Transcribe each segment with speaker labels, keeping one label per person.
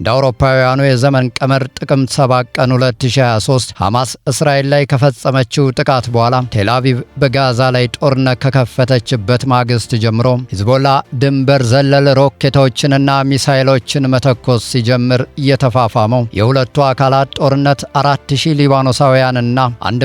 Speaker 1: እንደ አውሮፓውያኑ የዘመን ቀመር ጥቅምት 7 ቀን 2023 ሐማስ እስራኤል ላይ ከፈጸመችው ጥቃት በኋላ ቴልአቪቭ በጋዛ ላይ ጦርነት ከከፈተችበት ማግስት ጀምሮ ሂዝቦላ ድንበር ዘለል ሮኬቶችንና ሚሳይሎችን መተኮስ ሲጀምር እየተፋፋመው የሁለቱ አካላት ጦርነት 4000 ሊባኖሳውያንና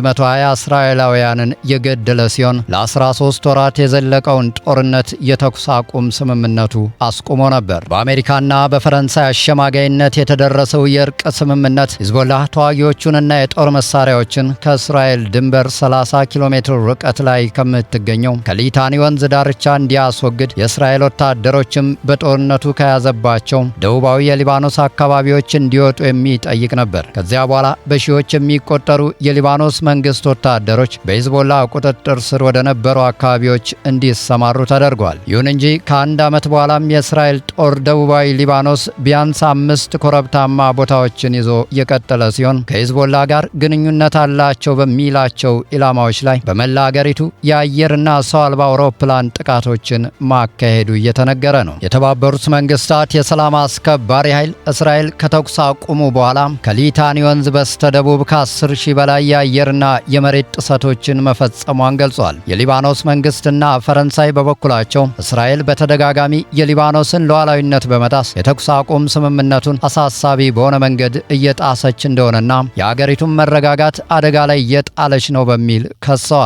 Speaker 1: 120 እስራኤላውያንን የገደለ ሲሆን ለ13 ወራት የዘለቀውን ጦርነት የተኩስ አቁም ስምምነቱ አስቁሞ ነበር። በአሜሪካና በፈረንሳይ አሸማጋይ በበላይነት የተደረሰው የእርቅ ስምምነት ሂዝቦላ ተዋጊዎቹንና የጦር መሳሪያዎችን ከእስራኤል ድንበር 30 ኪሎ ሜትር ርቀት ላይ ከምትገኘው ከሊታኒ ወንዝ ዳርቻ እንዲያስወግድ የእስራኤል ወታደሮችም በጦርነቱ ከያዘባቸው ደቡባዊ የሊባኖስ አካባቢዎች እንዲወጡ የሚጠይቅ ነበር። ከዚያ በኋላ በሺዎች የሚቆጠሩ የሊባኖስ መንግስት ወታደሮች በሂዝቦላ ቁጥጥር ስር ወደ ነበሩ አካባቢዎች እንዲሰማሩ ተደርጓል። ይሁን እንጂ ከአንድ ዓመት በኋላም የእስራኤል ጦር ደቡባዊ ሊባኖስ ቢያንስ አምስት አምስት ኮረብታማ ቦታዎችን ይዞ የቀጠለ ሲሆን ከሂዝቦላ ጋር ግንኙነት አላቸው በሚላቸው ኢላማዎች ላይ በመላ አገሪቱ የአየርና ሰው አልባ አውሮፕላን ጥቃቶችን ማካሄዱ እየተነገረ ነው። የተባበሩት መንግስታት የሰላም አስከባሪ ኃይል እስራኤል ከተኩስ አቁሙ በኋላ ከሊታኒ ወንዝ በስተደቡብ ከ10 ሺህ በላይ የአየርና የመሬት ጥሰቶችን መፈጸሟን ገልጿል። የሊባኖስ መንግስትና ፈረንሳይ በበኩላቸው እስራኤል በተደጋጋሚ የሊባኖስን ሉዓላዊነት በመጣስ የተኩስ አቁም ስምምነት ደህንነቱን አሳሳቢ በሆነ መንገድ እየጣሰች እንደሆነና የአገሪቱን መረጋጋት አደጋ ላይ እየጣለች ነው በሚል ከሰዋል።